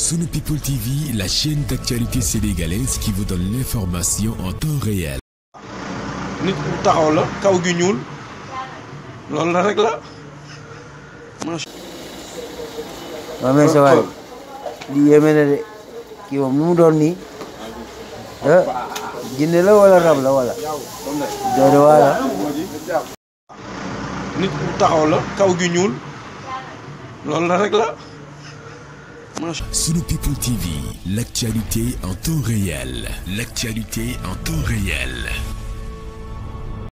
Sunu People TV, la chaîne d'actualité sénégalaise qui vous donne l'information en temps réel. nit taxaw la kaw gi ñuul loolu la la. waaw mu doon nii la wala la wala. doy na taxaw la kaw gi ñuul loolu la rek la. Sunu People TV, l'actualité en temps réel. L'actualité en temps réel.